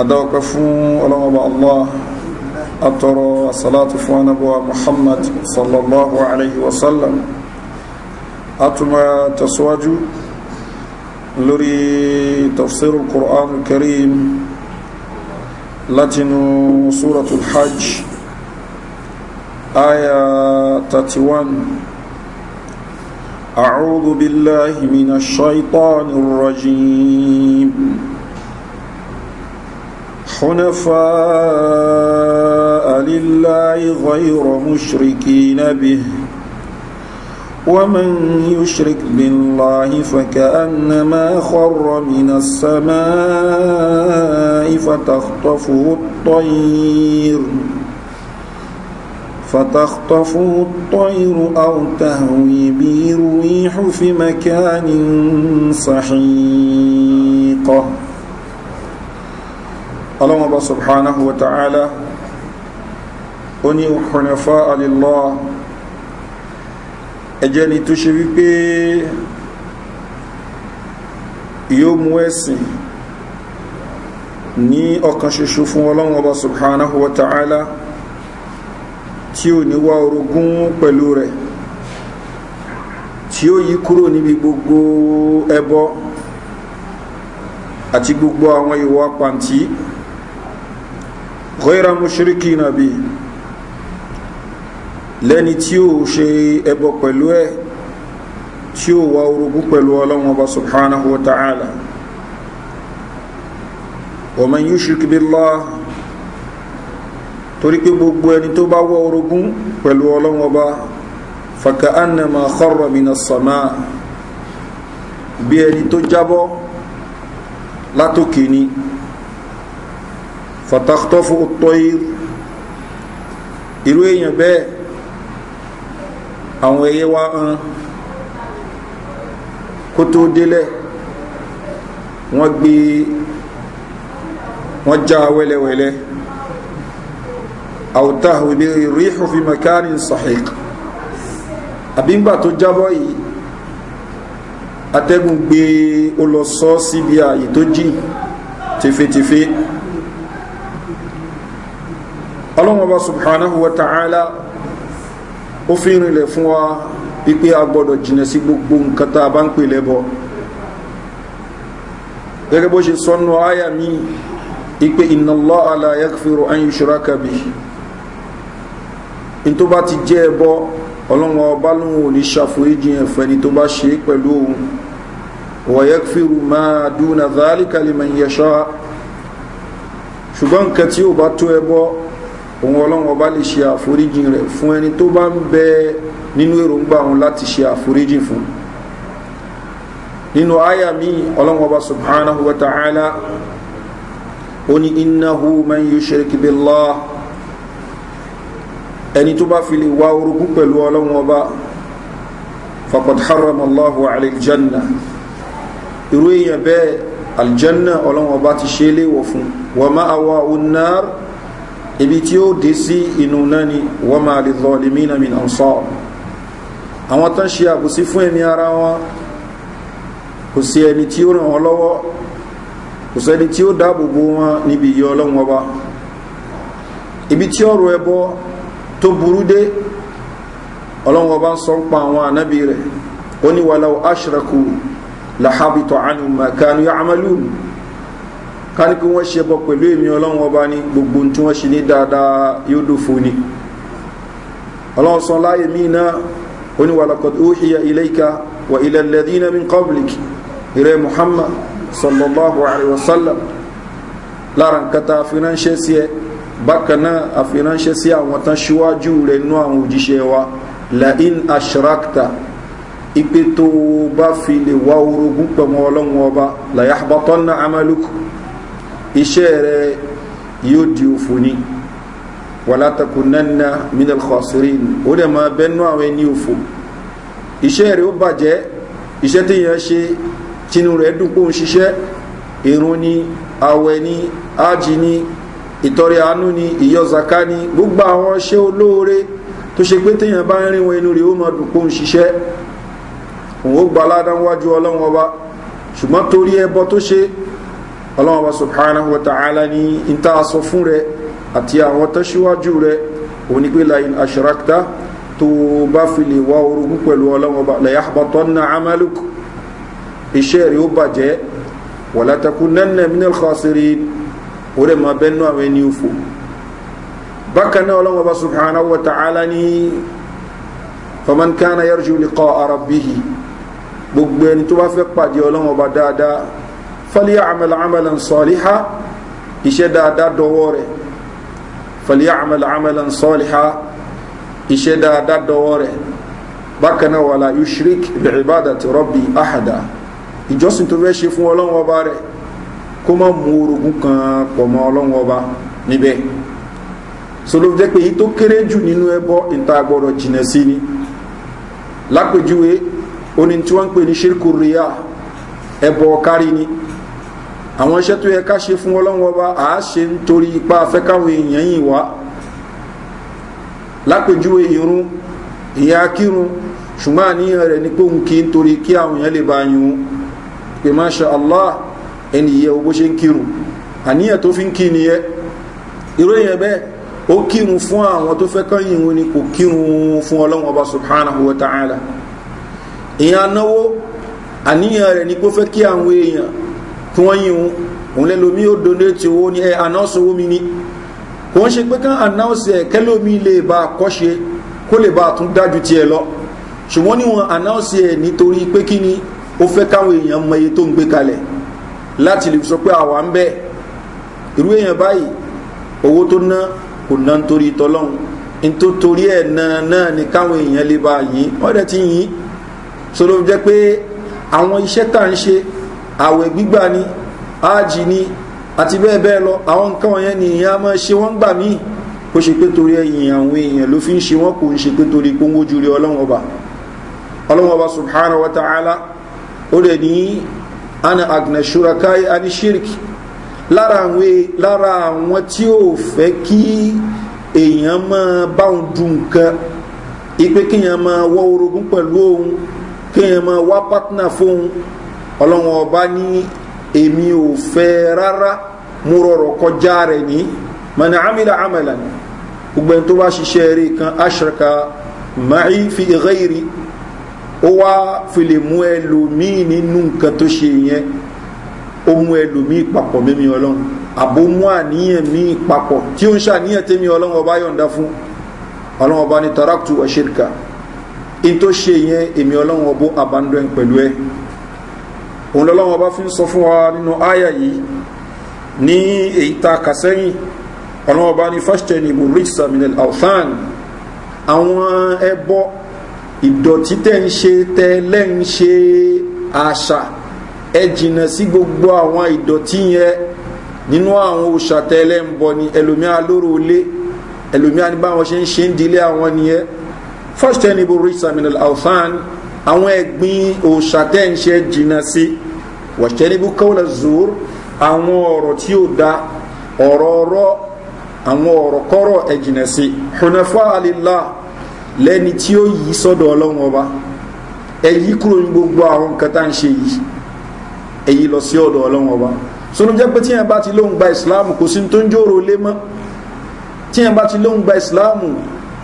adáwọ̀pẹ́ fún ọlọ́mọba allah atọrọ asalatu fún anábọ̀wá muhammad sallallahu alayhi wa sallam atuma tasuwaju lórí tafsirul qur'an karim latinu suratul hajj aya 31 أعوذ بالله من الشيطان الرجيم حنفاء لله غير مشركين به ومن يشرك بالله فكأنما خر من السماء فتخطفه الطير فتخطفه الطير أو تهوي به الريح في مكان سحيقه ọlọ́wọ́n bá subhanahu wa ta'ala ó ní òkùnrinfà alìlọ́ ẹjẹ́ ni tó ṣe wípé yóò mú ẹ̀sìn ní ọkàn ṣoṣo fún ọlọ́wọ́n bá subhanahu wa ta'ala tí ò ní wá orogún pẹ̀lú rẹ̀ tí ó yí kúrò níbi gbogbo ẹbọ àti gbogbo àwọn ìwà pàǹtí gọ́ìrà mùsùlùkì nàbí lẹ́ni tí ó ṣe ẹbọ pẹ̀lú ẹ tí ó wà orogún pẹ̀lú ọlọ́wọ́n bá subhanahu wa ta'ala ọmọ yíò ṣùkú bí lọ́wọ́ torí pé gbogbo ẹni tó bá wọ orogún pẹ̀lú ọlọ́wọ́n bá látòkè ni. Samaa, fatahtọ́fù tọ́yìr irú èèyàn bẹ́ẹ̀ àwọn ẹyẹ wá hàn kó tó délẹ̀ wọ́n gbé wọ́n já wẹ́lẹ́wẹ́lẹ́ àwòtáhù lè rí ìhùfí makarin sahik àbíngbà tó jábọ́ yìí atẹ́gùn gbé ó síbi ààyè tó jìn tẹfẹ́tẹfẹ́ ọlọ́run ọba subhanahu wa ta'ala ó fi rinlẹ̀ fún wa wípé a gbọ́dọ̀ jìnà sí gbogbo nǹkan tá a bá ń pè lẹ́bọ gẹ́gẹ́ bó ṣe sọnù àyà mi wípé inna Allaha la yaghfiru an yushraka bihi in tó bá ti jẹ́ ẹbọ ọlọ́run ọba lóun ní ṣàforíjì ẹ̀fẹ́ ni tó bá ṣe pẹ̀lú òun wa yaghfiru ma duna dhalika liman ṣùgbọ́n nǹkan tí ó bá tó ẹbọ òun ọlọ́run ọba lè ṣe àforíjì rẹ̀ fún ẹni tó bá ń bẹ nínú èròǹgbà òun láti ṣe àforíjì fún nínú àyà mi ọlọ́run ọba subhanahu wa ta'ala ó ní innahu man yushrik billah ẹni tó bá fi lè wá orogún pẹ̀lú ọlọ́run ọba faqad harrama allahu alayhi janna èèyàn bẹ́ẹ̀ aljanna ọlọ́run ọba ti ṣe é léwọ̀ fún wa ma'awa unnar ibi tí ó dé sí inú náà ni wọ́n máa lè lọ lè mìíràn mìíràn sọ àwọn tán ṣe àbòsí fún ẹ̀mí ara wọn kò sí ẹni tí ó ràn wọn lọ́wọ́ kò sẹ́ni tí ó dáàbò bo wọn níbi ìyọ ọlọ́run ọba ibi tí ọ̀rọ̀ ẹbọ tó burú dé ọlọ́run ọba ń sọ ń pa àwọn ànábì rẹ̀ ó ní wàláwọ̀ ashraku lahabitọ̀ anu makanu ká ní kí wọ́n ṣe bọ pẹ̀lú èmi ọlọ́run ọba ní gbogbo tí wọ́n ṣe ní dáadáa yóò dòfo ni ọlọ́run sọ láyé míì náà ó ní wàlọ́kọ̀ ó ṣìyà ilé ìka wà ilẹ̀ lẹ́dínà mi kọ́bìlìkì ìrẹ́ muhammad sallallahu alaihi wasallam lára nǹkan tá sí ẹ bákan náà a sí àwọn tán ṣíwájú rẹ̀ nú àwọn òjíṣẹ́ wa lain ashrakta ipe bá fi lè wá orogún pẹ̀mọ́ ọlọ́run ọba làyàbọ̀tọ́ náà amálùkù iṣẹ́ rẹ yóò di òfò ni wàlátàkùnánná minal khasirin ó dẹ̀ máa bẹ́nu àwọn ẹni òfò iṣẹ́ rẹ ó bàjẹ́ iṣẹ́ tí yẹn ṣe tinú rẹ̀ dùn pé ó ń ṣiṣẹ́ irun ni awẹ ni ájì ni ìtọrẹ àánú ni ìyọzaka ni gbogbo àwọn ṣé olóore tó ṣe pé téèyàn bá ń rí wọn inú rẹ̀ ó máa dùn ń ṣiṣẹ́ òun ó gba aládánwájú ọlọ́run ọba ṣùgbọ́n torí ẹbọ tó ṣe ọlọ́wọ́n bá subhanahu wa ta'ala ní ìta sọ fún rẹ àti àwọn tó ṣíwájú rẹ òní pé lain asharakta tó bá fi lè wá orogún pẹ̀lú ọlọ́wọ́n bá lẹ́yà àbátọ́ ní amaluk iṣẹ́ rẹ̀ ó bàjẹ́ wàlátakú nẹ́nẹ̀ minel khasiri orí ma bẹ́nu àwọn ẹni òfò bákan náà ọlọ́wọ́n bá subhanahu wa ta'ala ní faman kana yarju liqa arabihi gbogbo ẹni tó bá fẹ́ pàdé ọlọ́wọ́n bá dáadáa فليعمل عملا صالحا إشدا دا دووري فليعمل عملا صالحا إشدا دا دووري بكنا ولا يشرك بعبادة ربي أحدا ìjọsìn tó fẹ́ ṣe fún ọlọ́run ọba rẹ̀ kó má mú orogún kan pọ̀ mọ́ ọlọ́run ọba níbẹ̀ sọlọ jẹ́ pé èyí tó kéré jù nínú ẹbọ ìta gbọ́dọ̀ jìnà sí ni lápèjúwe oní tí wọ́n ń pè ní ṣírkù ríà ẹbọ kárí ni àwọn iṣẹ́ tó yẹ ká ṣe fún ọlọ́run ọba à á ṣe nítorí ipa afẹ́ káwọn èèyàn yìí wá lápèjúwe irun ìyá akírun ṣùgbọ́n àníyàn rẹ̀ ni pé òun kí nítorí kí àwọn èèyàn lè bá yun pé masha allah ẹni yẹ owó ṣe ń kírun àníyàn tó fi ń kí ni yẹ irú èèyàn bẹ́ẹ̀ ó kírun fún àwọn tó fẹ́ kán yìnwó ni kò kírun fún ọlọ́run ọba subhanahu wa ta'ala ìyẹn anáwó àníyàn rẹ̀ ni pé fẹ́ kí àwọn èèyàn kí wọ́n yìn òun lẹ́lómi ó donate owó ní ẹ announce owó mi ní kò ń ṣe pé kán announce ẹ̀ kẹ́lómi lè bá a kọ́ṣe kó lè bá a tún dájú tiẹ̀ lọ ṣùgbọ́n níwọ̀n announce ẹ̀ nítorí pé kí ni ó fẹ́ káwọn èèyàn mọ iye tó ń gbé kalẹ̀ láti lè sọ pé àwa ń bẹ́ irú èèyàn báyìí owó tó ná kò ná nítorí tọ́lọ́hún nítorí ẹ̀ náà náà ni káwọn èèyàn lè bá a yìn wọ́n dẹ̀ ti yìn sọ́dọ̀ jẹ́ pé àwọn iṣẹ́ tá à ń ṣe àwẹ̀ gbígbà ni áàjì ni àti bẹ́ẹ̀ bẹ́ẹ̀ lọ àwọn nǹkan wọ̀nyẹn ni ìyẹn a máa ṣe wọ́n gbà míì kó ṣe pé torí ẹ̀yìn àwọn èèyàn ló fi ń ṣe wọ́n kò ń ṣe pé torí pọ́nwó jùlọ ọlọ́wọ́n ọba ọlọ́wọ́n ọba subhanahu wa ta'ala ó rẹ̀ ní ana agnashurakai anishiriki e, lára àwọn tí ó fẹ́ kí èèyàn máa bá òun dùn nǹkan ipe kéèyàn máa wọ́ orogún pẹ̀lú òun kéèyàn máa wá pátánà fóun ọlọ́wọ́n ọba ní èmi ò fẹ́ rárá mo rọrọ̀ kọjá rẹ̀ ní mọ̀nà amílà amẹ́là ní gbogbo ẹni tó bá ṣiṣẹ́ eré kan aṣọ́ka máì fi ìrẹ́ìrí ó wá fi lè mú ẹlòmíì nínú nǹkan tó ṣe yẹn ó mú ẹlòmíì papọ̀ mímí ọlọ́run àbó mú àníyàn míì papọ̀ tí ó ń ṣàníyàn tẹ́mi ọlọ́run ọba yọ̀ǹda fún ọlọ́run ọba ní taraktu ọ̀ṣẹ́ríkà in tó ṣe yẹn èmi ọlọ́run ọbọ̀ abandon pẹ̀lú ẹ̀ òun lọ́lọ́wọ́ bá fi ń sọ fún wa nínú àyà yìí ní èyí ta kàsẹ́yìn ọlọ́wọ́ bá ní fásitẹ́ni ibu rich samuel althan àwọn ẹbọ ìdọ̀tí tẹ́ ń ṣe tẹ́ lẹ́ ṣe àṣà ẹ jìnà sí gbogbo àwọn ìdọ̀tí yẹn nínú àwọn òṣà tẹ́ lẹ́ ń ni ẹlòmíà lóró lé ẹlòmíà ní báwọn ṣe ń ṣe ń dilé àwọn nìyẹn fásitẹ́ni ibu samuel althan àwọn ẹ̀gbin òòṣà tẹ́ ń ṣe jìnnà sí wàṣẹ́nibú kọ́wọ́lá zuur àwọn ọ̀rọ̀ tí ó da ọ̀rọ̀ ọ̀rọ̀ àwọn ọ̀rọ̀ kọ́rọ̀ ẹ jìnnà sí hunafa alilá lẹ́ni tí ó yí sọ́dọ̀ ọlọ́run ọba ẹ yí kúrò ní gbogbo àwọn nǹkan tá ń ṣe yìí ẹ lọ sí ọ̀dọ̀ ọlọ́run ọba sọ́nà jẹ́ pé tíyẹn bá ti lóun gba ìsìláàmù kò sí tó ń jòrò lé mọ́ tíyẹn bá ti lóun gba ìsìláàmù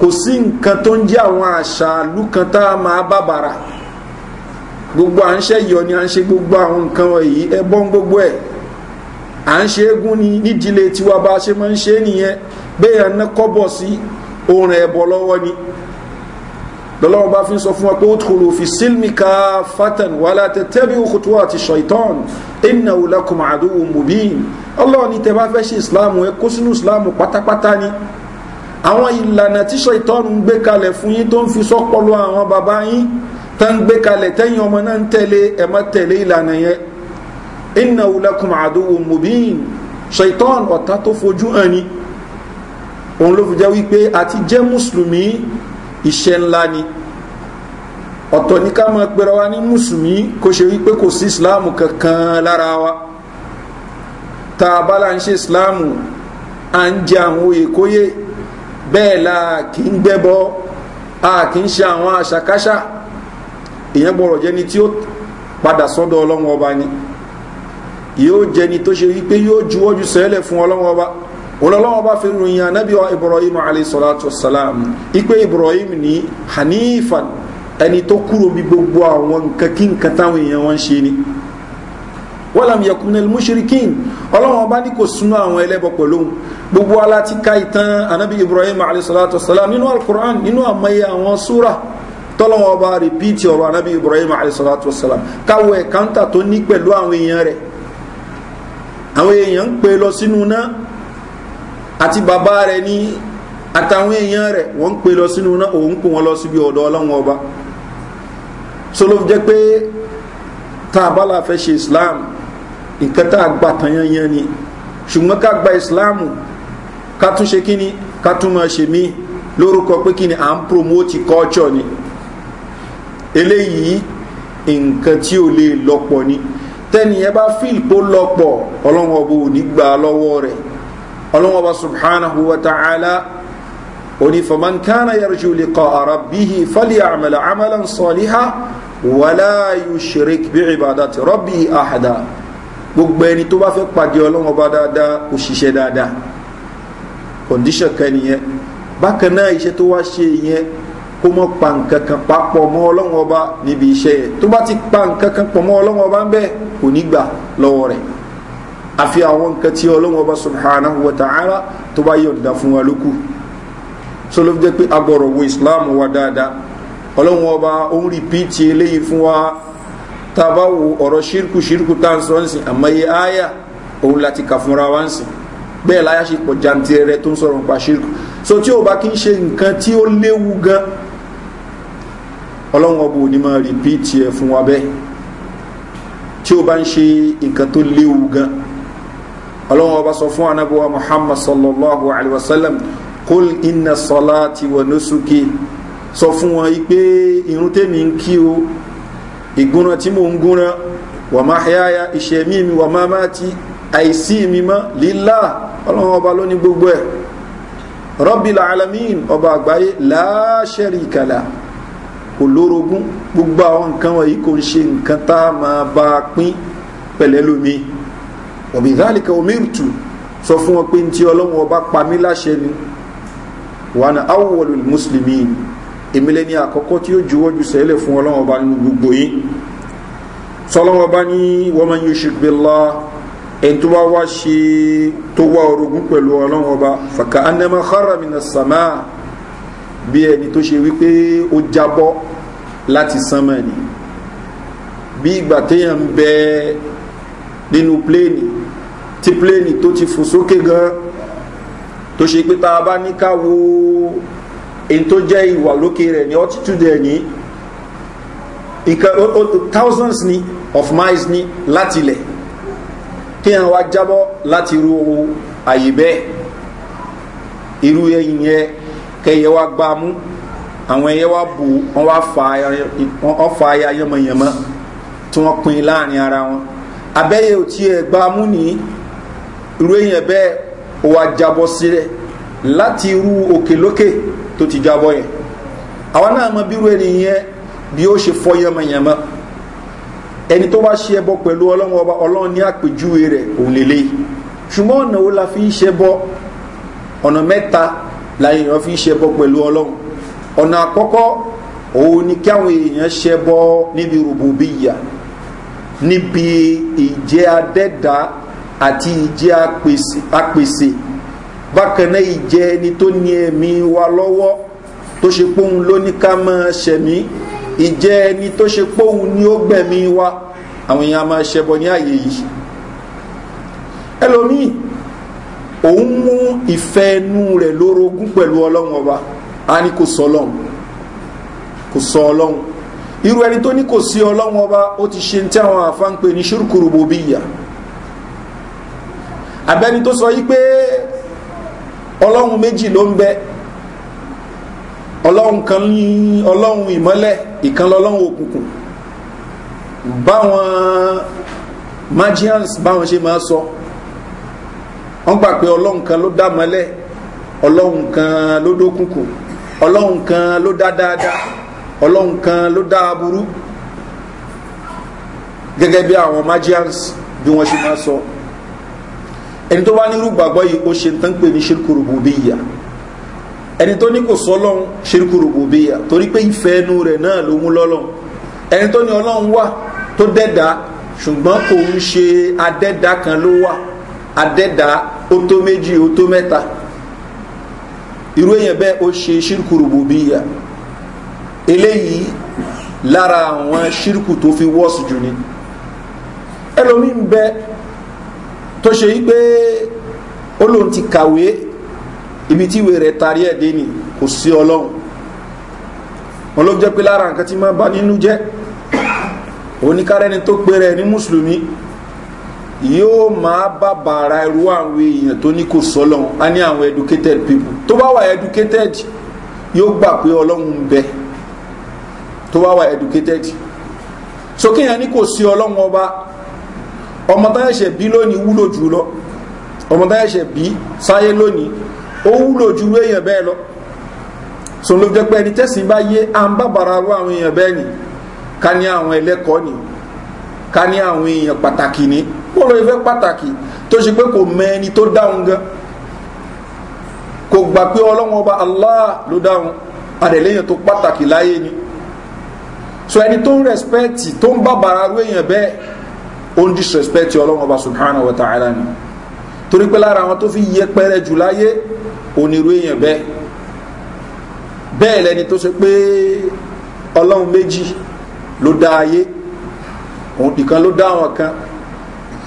kò sí nǹkan tó ń jẹ́ àwọn àṣà ìlú kan tá a máa bàbàrà gbogbo à ń ṣe yọ ni à ń ṣe gbogbo àwọn nǹkan wọ̀nyí ẹbọ́n gbogbo ẹ̀ à ń ṣe eégún ni nídìílé tiwa bá a ṣe máa ń ṣe nìyẹn bẹ́ẹ̀ ẹ̀ ná kọ́bọ̀ sí orin ẹ̀bọ̀ lọ́wọ́ ni lọ́lọ́wọ́ bá fi ń sọ fún wa pé ó tòrò fi sílmìkà fatan wà láti tẹ́bí òkútù àti ṣọ̀ìtàn iná òlàkùnmọ̀ àdúgbò mòbíìn ọlọ́ọ̀ni tẹ́ bá fẹ́ ṣe ìsìláàmù ẹ kó sínú ìsìláàmù pátápátá ni. Islam, àwọn ìlànà tíṣọ ìtọ́run ń gbé kalẹ̀ fún yín tó ń fi sọ́pọ̀lọ àwọn bàbá yín tó ń gbé kalẹ̀ tẹ́yìn ọmọ náà ń tẹ̀lé ẹ̀mọ́ tẹ̀lé ìlànà yẹn inna wulakun àdúgbò mubin ṣaitan ọ̀tá tó fojú hàn ni òun ló fi jẹ́ wípé àti jẹ́ mùsùlùmí iṣẹ́ ńlá ni ọ̀tọ̀ ní ká máa pẹ̀rọ wa ní mùsùlùmí kò ṣe wípé kò sí ìsìláàmù kankan lára wa tá a bá là ìsìláàmù à ń jẹ àwọn òye bẹ́ẹ̀ la kì í gbẹ́bọ a kì í ṣe àwọn àṣàkáṣà èèyàn gbọ́rọ̀ jẹ́ni tí ó padà sọ́dọ̀ ọlọ́run ọba ni yóò jẹni tó ṣe wípé yóò juwọ́jú sẹ́lẹ̀ fún ọlọ́run ọba ọlọ́run ọba fi ròyìn anábì ibrahim alayhisalatu salam ipe ibrahim ni hanifan ẹni tó kúrò bí gbogbo àwọn nǹkan kí nǹkan táwọn èèyàn wọn ṣe ni wọ́n làm yẹkùnrin mushrikin ọlọ́run ọba ní kò súnmọ́ àwọn ẹlẹ́bọ pẹ̀lú gbogbo aláti ka ìtàn anabi ibrahim alayhisalaam nínú alukur'an nínú àmọye àwọn súra tọ́lọ́wọ́n ọba rìpíìtì ọ̀rọ̀ anabi ibrahim alayhisalaam káwọ ẹ̀káńtà tó ní pẹ̀lú àwọn èèyàn rẹ̀ àwọn èèyàn ń pè lọ sínú náà àti bàbá rẹ̀ ní àtàwọn èèyàn rẹ̀ wọ́n ń pè lọ sínú náà òun kò wọ́n lọ síbi ọ̀dọ̀ ọlọ́run ọba sọlọ́f jẹ́ pé tá fẹ́ ṣe islam nǹkan tá a gbà tán yanyan ni ṣùgbọ́n ká gba ìsìláàmù ká tún ṣe kíni ká tún máa ṣe mí lórúkọ pé kíni à ń promote culture ni eléyìí nǹkan tí ò lè lọ́pọ̀ ni tẹ́niyẹn bá fíìl kó lọ́pọ̀ ọlọ́wọ́n ọba ò ní gbà lọ́wọ́ rẹ̀ ọlọ́wọ́n ọba subhanahu wa ta'ala onífọ̀mọ́n kánà yarjú lè kọ́ ara bíhi fọ́lì àmàlà àmàlà sọ̀líhà wàlá yóò ṣeré bí gbogbo ẹni tó bá fẹ́ pàdé ọlọ́run ọba dáadáa kò ṣiṣẹ́ dáadáa kọ̀ǹdíṣàn kan nìyẹn bákan náà iṣẹ́ tó wá ṣe yẹn kó mọ́ pa nǹkan kan papọ̀ mọ́ ọlọ́run ọba níbi iṣẹ́ yẹn tó bá ti pa nǹkan kan pọ̀ mọ́ ọlọ́run ọba bẹ́ẹ̀ kò ní gbà lọ́wọ́ rẹ̀ àfi àwọn nǹkan tí ọlọ́run ọba subhanahu wa ta'ala tó bá yọ̀ǹda fún wa lókù so ló fi jẹ́ pé agbọ̀rọ̀ wo islam wa dáadáa ọlọ́run ọba ó ń rìpíìtì eléyìí fún wa tá a shirku wo ọ̀rọ̀ ṣírkù ṣírkù tá à ń sọ ń sìn àmọ́ iye ááyà òun láti kà fúnra wa ń sìn bẹ́ẹ̀ láyà ṣe pọ̀ jantirẹrẹ tó ń sọ̀rọ̀ nípa so tí o bá kí ń ṣe nǹkan tí ó léwu gan ọlọ́run ọba ò ní máa rìpíìtì ẹ̀ fún wa bẹ́ẹ̀ tí o bá ń ṣe nǹkan tó léwu gan ọlọ́run ọba sọ fún anábíwá muhammad sallallahu alaihi wa sallam kol inna salati wa nusuki sọ fún wọn yìí pé irun tèmi ń kí o ìgúnran tí mò ń gúnran wà má yáya ìṣẹ̀mí mi wà má má ti àìsí mi mọ́ lílá ọlọ́run ọba ló ní gbogbo ẹ̀ rọ́bìlà alamin ọba àgbáyé láṣẹ̀rì ìkàlà kò lórogún gbogbo àwọn nǹkan wọ̀nyí kò ń ṣe nǹkan tá a máa bá a pín pẹ̀lẹ́lómi ọ̀bìdálìkà omirtu sọ fún wọn pé ní tí ọlọ́run ọba pa mí láṣẹ ni wà ní mùsùlùmí ni èmìlẹ̀ ní àkọ́kọ́ tí ó juwọ́ ju sẹ́lẹ̀ fún ọlọ́wọ́ bá ní gbogbo yìí sọlọ́wọ́ bá ní wọ́n máa ń yóò ṣùgbẹ́ lọ ẹni tó bá wá ṣe tó wá orogún pẹ̀lú ọlọ́wọ́ bá fàkà anẹ́mọ́ haramina sàmà bí ẹni tó ṣe wípé ó jábọ́ láti sánmà ni bí ìgbà téèyàn ń bẹ nínú pléènì tí pléènì tó ti fò sókè gan tó ṣe pé tá a bá ní wo in tó jẹ́ ìwà lókè rẹ̀ ní altitude ẹ̀ thousands ni of miles ni láti ilẹ̀ kí hàn wá jábọ́ láti ru àyè bẹ́ẹ̀ irú ẹyin yẹn kẹyẹ wá gbá mú àwọn ẹyẹ wá bù wọn wá fa aya yẹmọyẹmọ tí wọn pin láàrin ara wọn abẹ́yẹ ò tiẹ̀ gbá mú ní irú ẹyin bẹ́ẹ̀ wá jábọ́ sílẹ̀ láti ru òkè Okay, tó ti jábọ́ yẹn àwa náà mọ bírú ẹni yẹn bí ó ṣe fọ́ yẹmọyẹmọ ẹni tó bá ṣe ẹbọ pẹ̀lú ọlọ́run ọba ọlọ́run ní àpèjúwe rẹ̀ òun lélẹ̀ ṣùgbọ́n ọ̀nà wo la fi ń ṣẹbọ ọ̀nà mẹ́ta la èèyàn fi ń ṣẹbọ pẹ̀lú ọlọ́run ọ̀nà àkọ́kọ́ òun ni kí àwọn èèyàn ṣẹbọ níbi rògbòbíyà níbi ìjẹ́ adẹ́dá àti ìjẹ́ apèsè bákan náà ìjẹ ẹni tó ní ẹ̀mí wa lọ́wọ́ tó ṣe póun ló ní ká máa ṣẹ̀mí ìjẹ ẹni tó ṣe póun ní ó gbẹ̀mí wa àwọn èèyàn máa ṣẹbọ ní àyè yìí ẹlòmíì òun mú ìfẹ́ inú rẹ̀ lórogún pẹ̀lú ọlọ́run ọba a ní kò sọ ọlọ́run kò sọ ọlọ́run irú ẹni tó ní kò sí ọlọ́run ọba ó ti ṣe tí àwọn àfa ń pè ní ṣúrùkùrù bòbí ìyà abẹ́ni tó sọ yí pé ọlọ́run méjì ló ń bẹ ọlọ́run kan ní ọlọ́run ìmọ́lẹ̀ ìkan lọ́lọ́run òkùnkùn báwọn magians báwọn ṣe máa sọ wọ́n gbà pé ọlọ́run kan ló dá mọ́lẹ̀ ọlọ́run kan ló dókùnkùn ọlọ́run kan ló dá dáadáa ọlọ́run kan ló dá aburú gẹ́gẹ́ bí àwọn magians bí wọ́n ṣe máa sọ. So ẹni tó bá nírú gbàgbọ́ yìí ó ṣe tán pé ní ṣírkù rùbùbíyà ẹni tó ní kò sọ́lọ́n ṣírkù rùbùbíyà torí pé ìfẹ́ ẹnu rẹ̀ náà ló mú lọ́lọ́n ẹni tó ní ọlọ́run wà tó dẹ́dàá ṣùgbọ́n kò ń ṣe adẹ́dá kan ló wà adẹ́dá ó tó méjì ó tó mẹ́ta irú èèyàn bẹ́ẹ̀ ó ṣe ṣírkù rùbùbíyà eléyìí lára àwọn ṣírkù tó fi wọ́ọ̀sì jù ni ẹlòmíín bẹ́ẹ̀ tó ṣe yí pé ó lóun ti kàwé ibi tí ìwé rẹ̀ tarí ẹ̀ dé ni kò sí ọlọ́run wọn ló jẹ́ pé lára nǹkan tí máa bá nínú jẹ́ oníkárẹ́ni tó pé rẹ̀ ní mùsùlùmí yóò máa bá bàrà irú àwọn èèyàn tó ní kò sọ́lọ́run á ní àwọn educated people tó bá wà educated yóò gbà pé ọlọ́run ń bẹ tó bá wà educated sókè yẹn ní kò sí ọlọ́run ọba ọmọ tá ẹ̀ṣẹ̀ bí lónìí wúlò jù lọ ọmọ tá ẹ̀ṣẹ̀ bí sáyé lónìí ó wúlò ju èèyàn bẹ́ẹ̀ lọ sùn ló jẹ́ pé ẹni tẹ́sìn bá yé à ń bàbàrà ru àwọn èèyàn bẹ́ẹ̀ ni ká ní àwọn ẹlẹ́kọ̀ọ́ ni ká ní àwọn èèyàn pàtàkì ni kóró ìfẹ́ pàtàkì tó ṣe pé kò mẹ ẹni tó dáhùn gan kò gbà pé ọlọ́wọ́n ọba allah ló dáhùn adẹ̀lẹ́yìn tó pàtàkì láyé ni so ẹni tó ń rẹ̀spẹ́tì tó ń bàbàrà ru èèyàn bẹ́ẹ̀ ó ń disrespect ọlọ́run ọba subhanahu wa ta'ala ni torí pé lára àwọn tó fi yẹpẹrẹ jù láyé onírú èèyàn bẹ́ẹ̀ bẹ́ẹ̀ lẹni tó ṣe pé ọlọ́run méjì ló dá ayé òun nìkan ló dá àwọn kan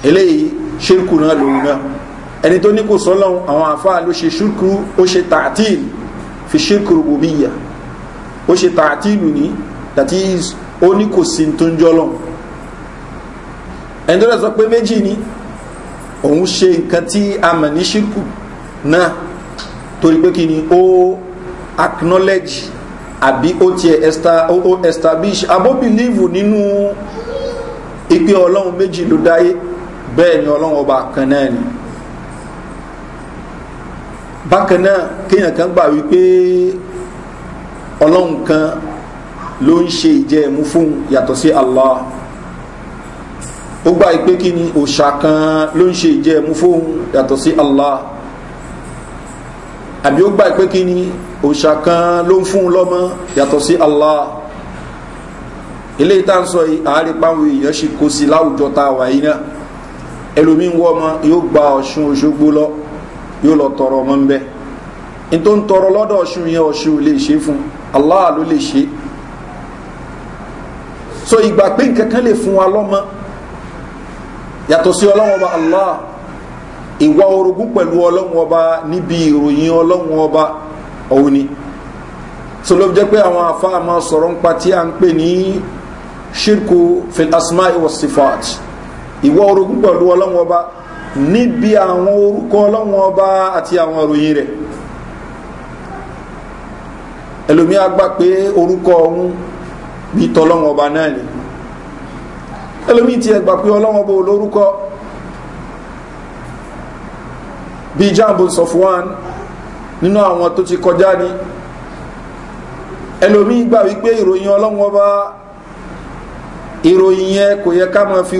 eléyìí ṣírkù náà lòun náà ẹni tó ní kò sọ́lọ́run àwọn àfáà ló ṣe ṣírkù ó ṣe tààtìl fi ṣírkù rògbòmíyà ó ṣe tààtìlù ní that is ó ní kò sí tó ń jọ́lọ́run ẹni tó rẹ̀ sọ pé méjì ni òun ṣe nǹkan tí a mọ̀ ní ṣírkù náà torí pé kí ni ó acknowledge àbí ó tiẹ̀ establish abó believe nínú ìpè ọlọ́run méjì ló dáyé bẹ́ẹ̀ ni ọlọ́run ọba kan náà ni bákan náà kéèyàn kan gbà wípé ọlọ́run kan ló ń ṣe ìjẹ́ ẹ̀mú fún yàtọ̀ sí allah ó gbà pé kí ni òòṣà kan ló ń ṣe ìjẹ ẹ̀mú fóun yàtọ̀ sí allah àbí ó gbà pé kí ni òòṣà kan ló ń fún un lọ́mọ yàtọ̀ sí allah eléyìí tá à ń sọ yìí àárí èèyàn ṣe kó sí láwùjọ tá a wà yìí náà ẹlòmíín wọ ọmọ yóò gba ọ̀ṣun òṣogbo lọ yóò lọ tọrọ ọmọ ń bẹ n tó ń tọrọ lọ́dọ̀ ọ̀ṣun yẹn ọ̀ṣun lè ṣe fún allah ló lè ṣe so ìgbà pé nǹkan kan lè fún wa lọ́mọ yàtọ̀ sí ọlọ́run ọba allah ìwà orogún pẹ̀lú ọlọ́run ọba níbi ìròyìn ọlọ́run ọba òun ni so ló jẹ́ pé àwọn afáà máa sọ̀rọ̀ ń pa tí a ń pè ní ṣírkù filasma iwasifat ìwà orogún pẹ̀lú ọlọ́run ọba níbi àwọn orúkọ ọlọ́run ọba àti àwọn ìròyìn rẹ̀ ẹlòmíà gbà pé orúkọ ọ̀hún bíi tọ́lọ́run ọba náà ni ẹlòmíì ti ẹgbà pé ọlọ́wọ́n bó lórúkọ bíi of one nínú àwọn tó ti kọjá ni ẹlòmíì gbà wípé ìròyìn ọlọ́wọ́n bá fi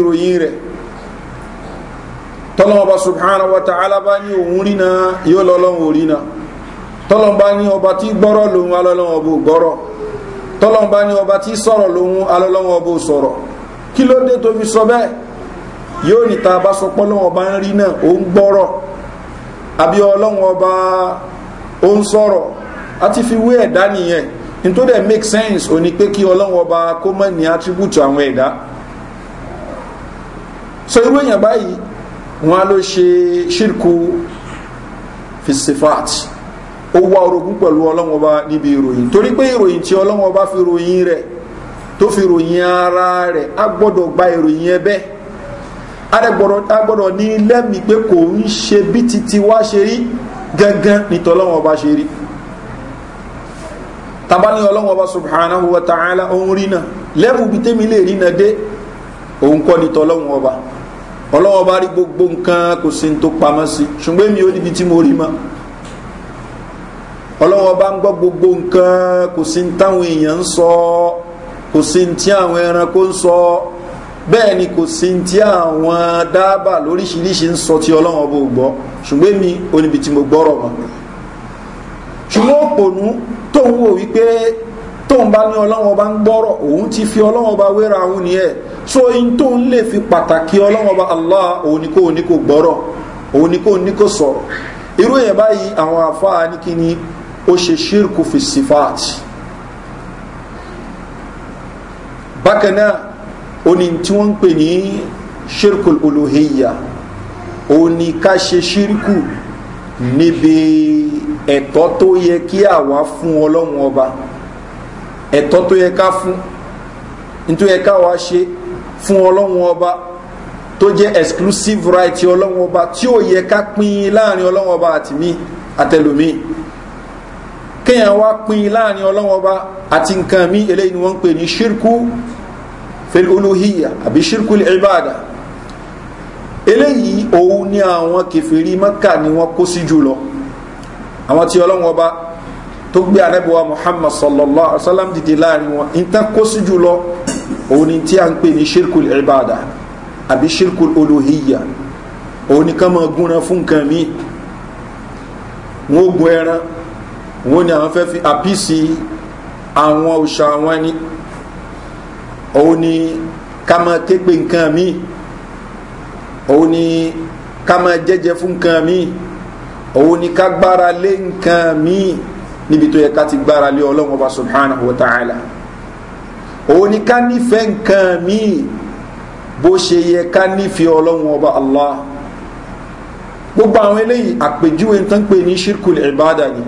ròyìn rẹ̀ tọ́lọ́wọ́n bá subhana wa ta'ala bá ní òun rí náà yóò lọ́lọ́wọ́n rí náà ní ọba tí gbọ́rọ̀ lòun alọ́lọ́wọ́n bó kí ló dé tó fi sọ bẹ́ẹ̀ yóò ní ta bá sọ pé ọlọ́wọ́n ọba ń rí náà ó ń gbọ́rọ̀ àbí ọlọ́wọ́n ọba ó ń sọ̀rọ̀ a ti fi wé ẹ̀dá nìyẹn nítorí dẹ̀ make sense ò ní pé kí ọlọ́wọ́n ọba kó mọ̀ ní attribute àwọn ẹ̀dá so irú èèyàn báyìí wọn á ló ṣe ṣírkù fisifat ó wá orogún pẹ̀lú ọlọ́wọ́n ọba níbi ìròyìn torí pé ìròyìn tí ọlọ́wọ́n ọba fi ròyìn rẹ̀ tó fi ròyìn ara rẹ̀ a gbọ́dọ̀ gba ìròyìn ẹbẹ́ a gbọ́dọ̀ ní lẹ́mí pé kò ń ṣe bí titi wá ṣe rí gangan nítọ́lọ́wọ́n ọba ṣe rí tabani ọlọ́wọ́n ọba subhanahu wa ta'ala òun rí náà lẹ́mú bí tẹ́mi lè rí náà dé òun kọ́ nítọ́lọ́wọ́n ọba ọlọ́wọ́n ọba rí gbogbo nǹkan kò sí tó pamọ́ sí ṣùgbọ́n èmi ò níbi tí mo rí mọ́ ọlọ́wọ́n ọba ń gbọ́ gbogbo nǹkan kò sí táwọn èèyàn ń sọ ọ́ kò sí tí àwọn ẹranko ń sọ bẹ́ẹ̀ ni kò sí tí àwọn dábà lóríṣiríṣi ń sọ ti ọlọ́run ọba ògbọ́ ṣùgbọ́n mi ò níbi tí mo gbọ́rọ̀ mọ́ ṣùgbọ́n òpònú tóun wò wípé tóun bá ní ọlọ́run ọba ń gbọ́rọ̀ òun ti fi ọlọ́run ọba wéra òun ni ẹ̀ so in tóun lè fi pàtàkì ọlọ́run ọba allah òun ni kò ní kò gbọ́rọ̀ òun ni kò ní kò sọ̀rọ̀ irú yẹn báyìí àwọn àfáà ní kíni ó ṣe ṣírkù fi sífáàtì bákan náà oní tí wọ́n ń pè ní shirkul oloheya oní ká ṣe shirku níbi ẹ̀tọ́ tó yẹ kí àwa fún ọlọ́run ọba ẹ̀tọ́ tó yẹ ká fún nítorí ẹ̀ka wa ṣe fún ọlọ́run ọba tó jẹ́ exclusive right ọlọ́run ọba tí ó yẹ ká pín láàrin ọlọ́run ọba àtìmí àtẹlòmíì kéèyàn wá pin láàrin ọlọ́wọ́n ọba àti nǹkan mi eléyìí ni wọ́n ń pè ní ṣírkú fẹ́lúhíyà àbí ṣírkú ìbáàdà eléyìí òun ni àwọn kẹfìrí mọ́kà ni wọ́n kó sí jùlọ àwọn tí ọlọ́wọ́n ọba tó gbé arẹ́bùwá muhammad sallallahu alaihi wa dìde láàrin wọn nǹkan kó sí jùlọ òun ni tí a ń pè ní ṣírkú ìbáàdà àbí ṣírkú olóhíyà òun ni ká máa gúnra fún nǹkan mi wọn ó gun ẹran wọ́n ní àwọn fẹ́ fi àpíìsì àwọn òòṣà wọn ni òun ni ká máa tẹ́gbẹ̀ nǹkan míì òun ni ká máa jẹ́jẹ́ fún nǹkan míì òun ni ká gbára lé nǹkan míì níbi tó yẹ ká ti gbára lé ọlọ́run ọba subhanahu wa ta'ala òun ni ká nífẹ̀ẹ́ nǹkan míì bó ṣe yẹ ká nífẹ̀ẹ́ ọlọ́run ọba allah gbogbo àwọn eléyìí àpèjúwe tán pé ní shirkul ibada ni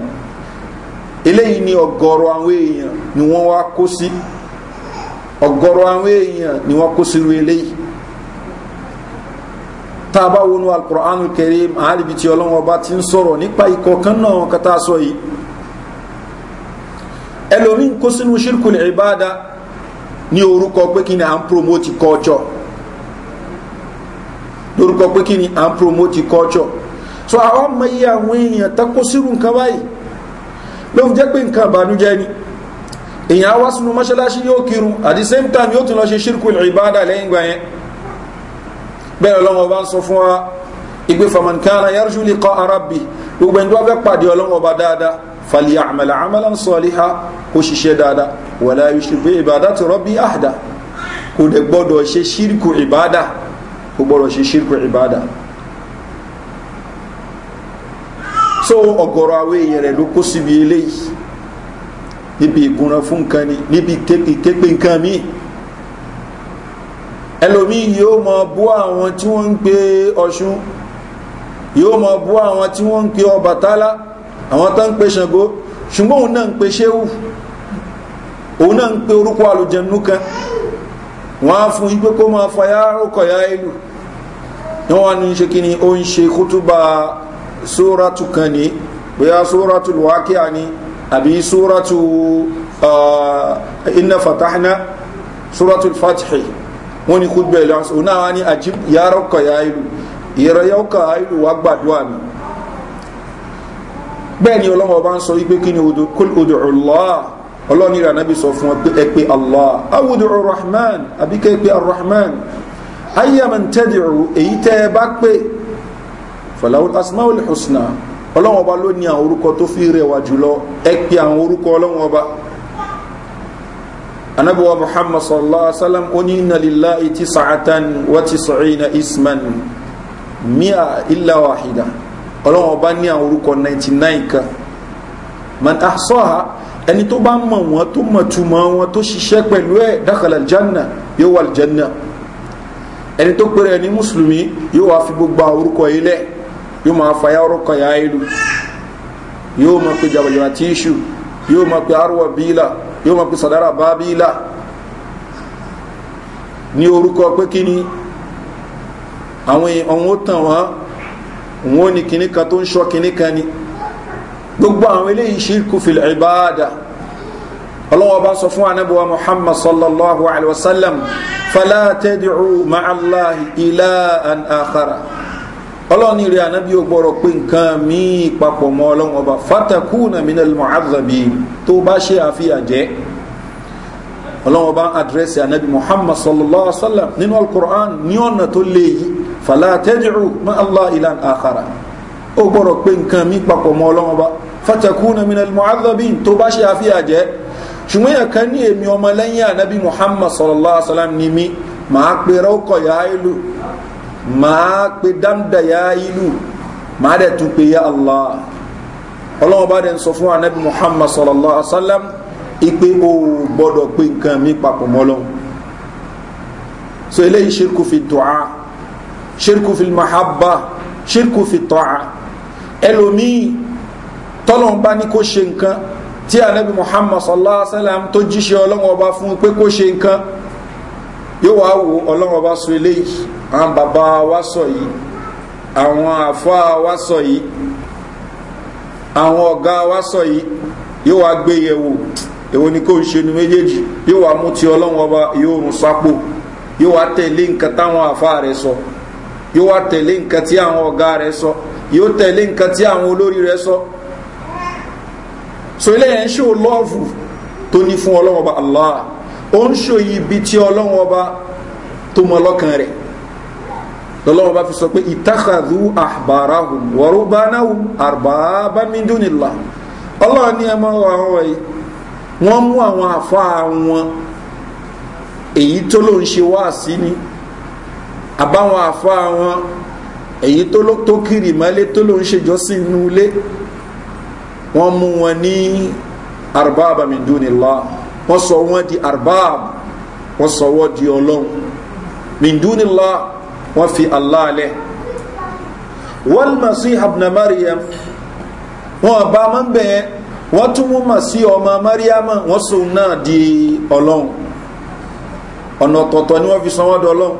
eléyìí ni ọgọrọ àwọn èèyàn ni wọn wá kó sí ọgọrọ àwọn èèyàn ni wọn kó sírú eléyìí tá a bá wọnú alukur'anu kẹrẹ àhálìbi tí ọlọ́wọ́ bá ti ń sọ̀rọ̀ nípa ìkọ̀kan náà ká tá a sọ yìí ẹlòmíì kó sínú ṣírkùlì ìbáda ní orúkọ pé kí ni à ń promote culture lórúkọ pé kí ni à ń promote culture so àwọn ọmọ yìí àwọn èèyàn tá kó sírú nǹkan báyìí ló fi jẹ́ pé nǹkan àbànújẹ́ ni èyàn á wá sínú mọ́ṣáláṣí yóò kírun at the same time yóò tún lọ ṣe ṣírkù ìbáadà lẹ́yìn gbà yẹn bẹ́ẹ̀ ọlọ́wọ́ bá ń sọ fún wa ìgbé famankana yarju liqa arabi gbogbo ẹni tó wá fẹ́ pàdé ọlọ́wọ́ bá dáadáa fali àmàlà àmàlà ń sọ líha kó ṣiṣẹ́ dáadáa wàlá yusufu ìbáadà tó rọ́bì àhàdà kò dẹ̀ gbọ́dọ̀ ṣe ṣírkù ìbáadà gbọ́dọ̀ ṣe ṣírkù ìbáadà so ọ̀gọ̀rọ̀ àwọn èèyàn rẹ̀ ló kó síbi eléyìí níbi ìgúnra fún nǹkan ni níbi képe nǹkan míì ẹlòmíì yóò mọ bú àwọn tí wọ́n ń pe ọ̀ṣun yóò mọ bú àwọn tí wọ́n ń pe ọbàtálá àwọn tó ń pe ṣàngó ṣùgbọ́n òun náà ń pe ṣéwù òun náà ń pe orúkọ àlùjẹnú kan wọ́n á fún ipé kó máa fayá rúkọ̀ yá ìlú wọ́n wá ní ṣe kí ni ó ń ṣe kútúbà sóràtù kan ní bóyá sóràtù lùwákíà ní àbí sóràtù uh, iná fatahna sóràtù fatihi wọ́n ní kúdùbẹ̀ ìlú àṣọ náà wá ní àjíb yàrá ọkọ̀ yà ìlú ìrọ̀ yà ọkọ̀ yà ìlú wà gbàdúrà mi bẹ́ẹ̀ ni ọlọ́wọ́ bá ń sọ wípé kí ni odò ọlọ́à ọlọ́ni rẹ̀ anábì sọ fún ẹ pé allah awudu rahman àbíkẹ́ pé arrahman ayyaman tẹ́dìrù èyí tẹ́ ẹ falawul asmaul husna ọlọ́wọ́n ọba ló ní àwọn orúkọ tó fi rẹwà jùlọ ẹ pé àwọn orúkọ ọlọ́wọ́n ọba anabiwa muhammad sallallahu alaihi wa sallam oní nàlílá ìtì sàátán wàtí sọ̀rìnà isman mia ilà wàhídà ọlọ́wọ́n ọba ní àwọn orúkọ 99 kan man ahsọ́ha ẹni tó bá mọ̀ wọ́n tó mọ̀ túmọ̀ wọn tó ṣiṣẹ́ pẹ̀lú ẹ̀ dákàlà janna yóò wà janna ẹni tó pèrè ẹni mùsùlùmí yóò wá fi gbogbo àwọn orúkọ yìí lẹ́ẹ̀ yóò máa fa yàrá kan yà á ìlú yóò máa pe jabajaba tíṣù yóò máa pe arwa bíílà yóò máa pe sadara bá bíílà ní orúkọ pé kí ni àwọn èèyàn wọn tàn wọn wọn ní kinní kan tó ń sọ kinní kan ni gbogbo àwọn eléyìí ṣírkù fìlẹ̀ ìbáàdà ọlọ́wọ́ bá sọ fún anábíwá muhammad sallallahu alaihi wasallam fala tẹ́dìcú ma'allahi ilá an akhara ọlọ́run ní rẹ̀ ànábí ó gbọ́rọ̀ pé nǹkan míì papọ̀ mọ́ ọlọ́run ọba fatakuna minal mu'azzabi tó bá ṣe àfihàn jẹ́ ọlọ́run ọba àdírẹ́sì ànábí muhammad sallallahu alaihi wa sallam nínú alukur'an ní ọ̀nà tó lè yí fàlà tẹ́jìrù má allah ilan akhara ó gbọ́rọ̀ pé nǹkan míì papọ̀ mọ́ ọlọ́run ọba fatakuna minal mu'azzabi tó bá ṣe àfihàn jẹ́ ṣùgbọ́n yẹn kan ní èmi ọmọ lẹ́yìn ànábí muhammad sallallahu alaihi wa sallam ní mi màá pe ráukọ̀ yáà màá pe dáńdà ya ìlú màá dẹ̀ tún pe ya allah ọlọ́run bá dẹ̀ ń sọ anabi muhammad sallallahu alaihi wa sallam ipe o gbọ́dọ̀ pe nǹkan mi papọ̀ mọ́lọ́run so eléyìí ṣírkù fi dùá ṣírkù fi mahabba ṣírkù fi tọ́a ẹlòmíì tọ́lọ́run bá ní kó ṣe nǹkan tí anabi muhammad sallallahu alaihi wa sallam tó jíṣẹ́ ọlọ́run ọba fún pé kó ṣe nǹkan yóò wá wo ọlọ́wọ́ bá sọ eléyìí àwọn bàbá wa sọ yìí àwọn àfa wa sọ yìí àwọn ọ̀gá wa sọ yìí yóò wá gbé yẹ̀wò èwo ni kò ń ṣe nu méjèèjì yóò wá mú ti ọlọ́wọ́ bá yóò rùn sápò yóò wá tẹ̀lé nǹkan táwọn àfa rẹ̀ sọ yóò wá tẹ̀lé nǹkan tí àwọn ọ̀gá rẹ̀ sọ yóò tẹ̀lé nǹkan tí àwọn olórí rẹ̀ sọ so eléyẹn ń ṣe lọ́ọ̀fù tó ní fún ọlọ́wọ́ bá Allah ó ń ṣòyí ibi tí ọlọ́run ọba tó mọ lọ́kàn rẹ̀ lọ́lọ́run bá fi sọ pé ìtàkàdù àbárahùn wọ̀rúbánáhùn àbábámídúnilá ọlọ́run ní ẹmọ àwọn wọ̀nyí wọ́n mú àwọn àfa wọn èyí tó ló ń ṣe wá sí ni àbáwọn àfa wọn èyí tó ló tó kiri mọ́lé tó ló ń ṣe jọ́sìn inú ilé wọ́n mú wọn ní àbábámídúnilá wọ́n sọ wọ́n di arbab wọ́n sọ wọ́n di ọlọ́run mindunila wọ́n fi allah lẹ̀ wọ́n masi abna mariam wọ́n bá máa ń bẹ̀ẹ́ wọ́n tún mú masi ọmọ mariama wọ́n sọ náà di ọlọ́run ọ̀nà ọ̀tọ̀ọ̀tọ̀ ni wọ́n fi sanwó dọ́lọ́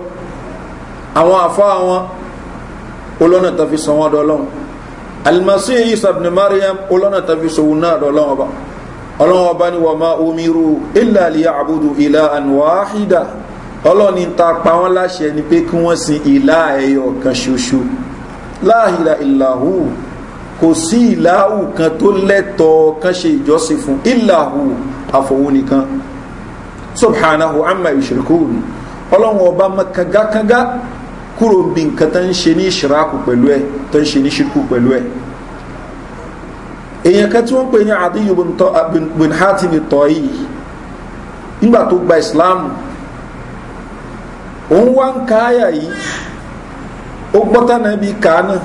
àwọn àfá wọn olónà tó fi sanwó dọ́lọ́ alimasi isa ibn mariam olónà tó fi sanwó náà dọ́lọ́ ọba ọlọ́run ọba ni wọ́n máa omiru ilà lè àbúdù ilà ànúwáhídà ọlọ́run ní ta pa wọ́n láṣẹ ni pé kí wọ́n sin ilà ẹyọ kan ṣoṣo láàhìlà ìlàhù kò sí ìlàhù kan tó lẹ́tọ̀ọ́ kan ṣe ìjọsìn fún ìlàhù àfọwọ́ nìkan subhanahu amma ìṣirikúrù ọlọ́run ọba mọ́ kangakanga kúrò bí nǹkan tó ń ṣe ní ìṣirakù pẹ̀lú ẹ̀ tó ń ṣe ní ṣirikù pẹ̀lú ẹ̀ èèyàn kan tí wọ́n pè ní àdíyù bin hatim tọ́ yìí nígbà tó gba ìsìláàmù òun wá ń ka àyà yìí ó gbọ́tà náà bí kàá náà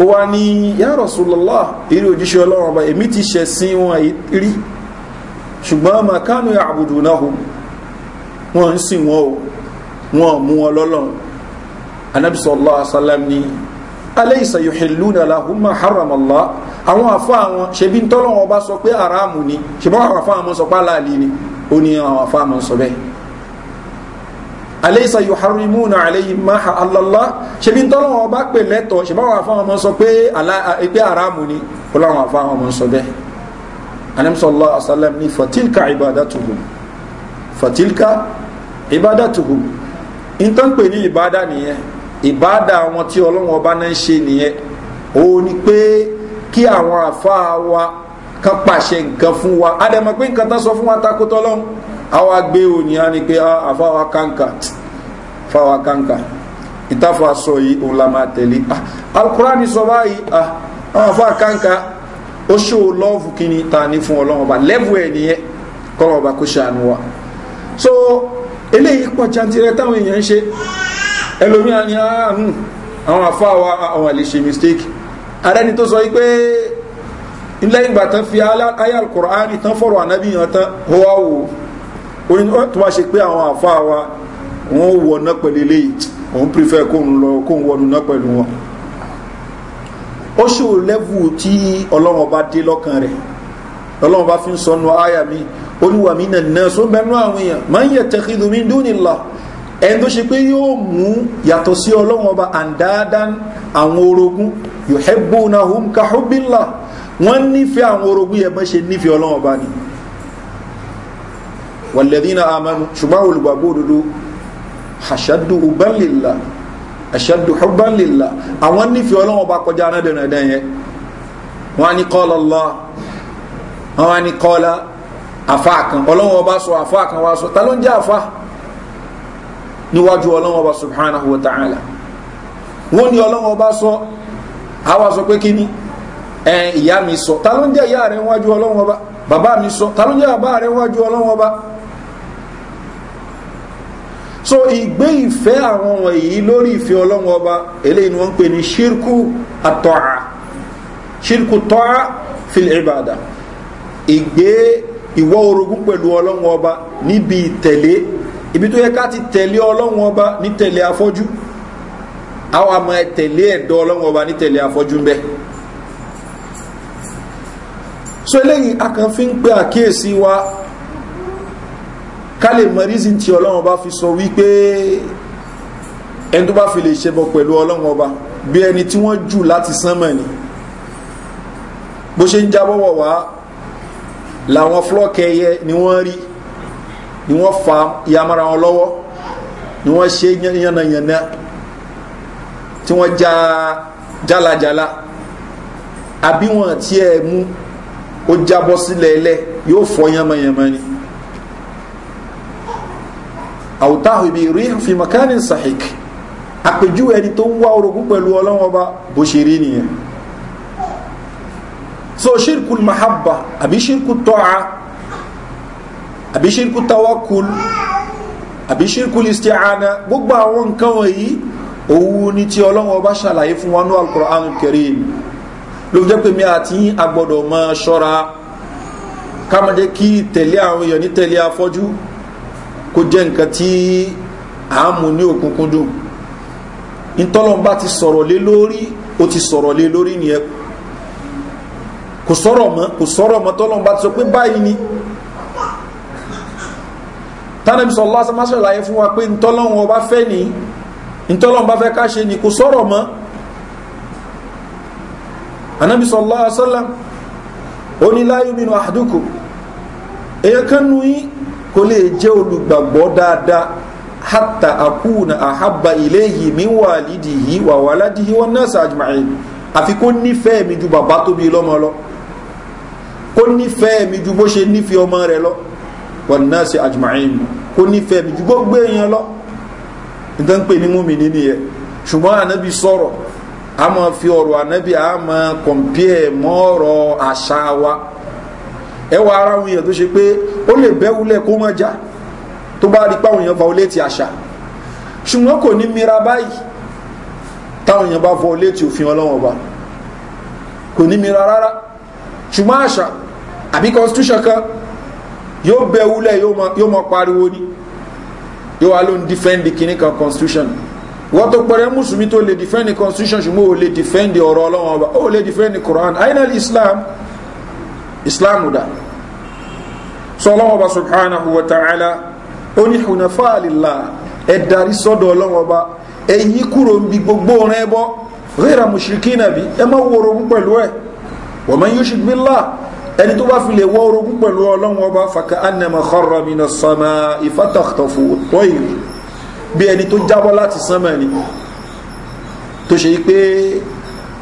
ó wá ní yàrá sùlọ́lá eré òjíṣẹ́ ọlọ́run ọba èmi ti ṣẹ̀ sí wọn rí ṣùgbọ́n màkánù àbùdù náà wọ́n ń sìn wọn o wọ́n mú wọn lọ́lọ́run anábìsọ̀ allah asalam ni aláìsà yòhèlúnà làhùnmá haramalá àwọn àfa àwọn ṣebí ń tọ́lọ́ wọn bá sọ pé aráàmù ni ṣebí àwọn àfa àwọn sọ pé aláàlí ni ó ní àwọn àfa àwọn sọ bẹ́ẹ̀ aláìsà yòhàrímúnà aláìmá alálá ṣebí ń tọ́lọ́ wọn bá pè lẹ́tọ̀ ṣebí àwọn àfa àwọn sọ pé aráàmù ni ó láwọn àfa àwọn sọ bẹ́ẹ̀ anamsọ́lá asálàm ní fatilka ibadatuhum fatilka ibadatuhum in tán pè ibada nìyẹn ìbáàdà àwọn tí ọlọ́wọ́n ọba náà ń ṣe nìyẹn òun ni pé kí àwọn àfáà wa kan pàṣẹ nǹkan fún wa a dẹ̀ mọ̀ pé nǹkan tán sọ fún wa takótọ́ lọ́hùn àwa gbé òní á ní pé ah, àfáwa kàǹkà fáwa kàǹkà ìtafà sọ yìí òun la máa tẹ̀lé ah, alukura ni sọ báyìí ah, àwọn àfáà kàǹkà ó ṣó lọ́ọ̀fù kí ni ta ni fún ọlọ́wọ́n ọba lẹ́bù ẹ̀ nìyẹn kọ́lọ́wọ́n ọba kó ṣàánú wa so eléyìí pọ̀ jantirẹ táwọn èèyàn ń ṣe ẹlòmíà ni àánú ah, hmm, àwọn àfáàwà àwọn àlèṣe mistake arẹni tó sọ wípé ilẹ̀ ìgbà tán fi ayé alkùránì tán fọ́rọ̀ ànábì yàn tán wá wò ó ní tó bá ṣe pé àwọn àfáàwà wọn ò wọ ná pẹ̀lú eléyìí òun prefer kóun lọ kóun wọnú ná pẹ̀lú wọn ó ṣòro lẹ́vù tí ọlọ́run ọba dé lọ́kàn rẹ̀ ọlọ́run bá fi ń sọnù àyà mi olúwa mi náà só àwọn èèyàn máa ń yẹ tẹ̀kídùmí dúnìlá ẹni tó ṣe pé yóò mú yàtọ̀ sí ọlọ́run ọba àndáadán àwọn orogún yuhibbunahum kahubbillah wọ́n nífẹ̀ẹ́ àwọn orogún yẹn bọ́n ṣe nífẹ̀ẹ́ ọlọ́run ọba ni walladhina amanu ṣùgbọ́n olùgbàgbọ́ òdodo ashaddu hubban lillah ashaddu hubban lillah àwọn nífẹ̀ẹ́ ọlọ́run ọba kọjá anádandan yẹn wọ́n á ní qala Allah wọ́n á ní qala àfa kan ọlọ́run ọba sọ àfa kan wá sọ ta ló ń jẹ́ àfa níwájú ọlọ́wọ́n ọba subhanahu wa ta'ala wọ́n ní ọlọ́wọ́n ọba sọ àwa sọ pé kíní ẹ ìyá mi sọ ta ló ń jẹ́ ìyá rẹ̀ níwájú ọlọ́wọ́n ọba bàbá mi sọ ta ló ń jẹ́ bàbá rẹ̀ níwájú ọlọ́wọ́n ọba so ìgbé ìfẹ́ àwọn wọ̀nyí lórí ìfẹ́ ọlọ́wọ́n ọba eléyìí ni wọ́n ń pè ní ṣírkù àtọ́à ṣírkù tọ́à fìlẹ̀ ìbàdàn ìgbé ìwọ́ orogún pẹ̀lú ọlọ́wọ́n ọba níbi ìtẹ̀lé ibi tó yẹ ká ti tẹ̀lé ọlọ́run ọba ní tẹ̀lé afọ́jú àwọn àmọ́ ẹ tẹ̀lé ẹ̀dọ́ ọlọ́run ọba ní tẹ̀lé afọ́jú ń bẹ́ so eléyìí a kàn pe àkíyèsí wa ká lè mọ rízìn tí ọlọ́run ọba fi sọ wípé ẹni tó bá fi lè ṣẹbọ pẹ̀lú ọlọ́run ọba bí ẹni tí wọ́n jù láti sánmọ̀ ni bó ṣe ń jábọ̀ wọ̀ wá làwọn flọ́ọ̀kì ẹyẹ ni wọ́n rí ni wọ́n fa yamara wọn lọ́wọ́ ni wọ́n ṣe yánnayànna tí wọ́n já jálajàla àbí wọn tiẹ̀ mú ó jábọ́ sílẹ̀ ẹlẹ́ yóò fọ́ yánmayànmá ni àwòtáhùn ibi rí fi makani sahik àpèjú ẹni tó ń wá orogún pẹ̀lú ọlọ́wọ́ bá bó ṣe rí nìyẹn so ṣírkù mahabba àbí ṣírkù tọ́ra àbí ṣírkù tawakul àbí ṣírkù isti'ana gbogbo àwọn nǹkan wọ̀nyí òun ni tí ọlọ́wọ́ bá ṣàlàyé fún wọn ní alkùránù kẹrì ló jẹ́ pé mi àti yín agbọ́dọ̀ mọ́ ṣọ́ra kámọ́dé kí tẹ̀lé àwọn èèyàn ní tẹ̀lé afọ́jú kó jẹ́ nǹkan tí à ń mú ní òkùnkùn dùn ìtọ́lọ́mbá ti sọ̀rọ̀ lé lórí ó ti sọ̀rọ̀ lé lórí nìyẹn kò sọ̀rọ̀ mọ́ kò sọ̀rọ̀ mọ́ tọ́lọ́mbá ti sọ pé báyìí ni tánàbí sọ lásán máa ṣàlàyé fún wa pé ntọ́lọ́run ọba fẹ́ ni ntọ́lọ́run bá fẹ́ ká ṣe ni kò sọ̀rọ̀ mọ́ anábì sọ lásán oníláyúmínú àdúkù èyàn kan nú yí kò lè jẹ́ olùgbàgbọ́ dáadáa hátà àkúùnà àhábà iléyìí mi wà lídìí wà wà ládìí wọn náà sàájúmáyé àfi kó nífẹ̀ẹ́ mi ju bàbá tóbi lọ́mọ lọ kó nífẹ̀ẹ́ mi ju bó ṣe nífẹ̀ẹ́ ọmọ rẹ lọ wọn náà sí àjùmáyìn kó nífẹ̀ẹ́ mi ju gbogbo èèyàn lọ nǹkan pè ní múmi nínú yẹ ṣùgbọ́n ànábì sọ̀rọ̀ a máa fi ọ̀rọ̀ ànábì a máa kọ̀m̀pìẹ̀ mọ́ ọ̀rọ̀ àṣà wa ẹ wọ ara àwọn èèyàn tó ṣe pé ó lè bẹ́wulẹ̀ kó má já tó bá rí páwọn èèyàn violate àṣà ṣùgbọ́n kò ní mira báyìí táwọn èèyàn bá violate òfin ọlọ́wọ́n ọba kò ní mira rárá ṣùgbọ́n àṣà àbí constitution kan yóò bẹ wúlẹ̀ yóò mọ pariwo ni yóò wá ló ń defend kìíní kan constitution wọ́n tó pẹ̀rẹ́ mùsùlùmí tó lè defend constitution ṣùgbọ́n ò lè defend ọ̀rọ̀ ọlọ́wọ́n ọba ó lè defend quran ainal islam islam da sọlọ́wọ́n ọba subhanahu wa ta'ala ó ní hunafa alillah ẹ̀darí sọ́dọ̀ ọlọ́wọ́n ọba ẹ̀yí kúrò ń bi gbogbo rẹ̀ bọ́ rírà mushrikina bi ẹ má wòrò pẹ̀lú ẹ̀ wọ́n mọ̀ yóò ṣe láà ẹni tó bá fi lè wọ orogún pẹ̀lú ọlọ́run ọba fàkà anamọ kọrọ mi nà sọmọ ìfàtàkùtàfù tọ́yì bí ẹni tó jábọ́ láti sánmà ni tó ṣe pé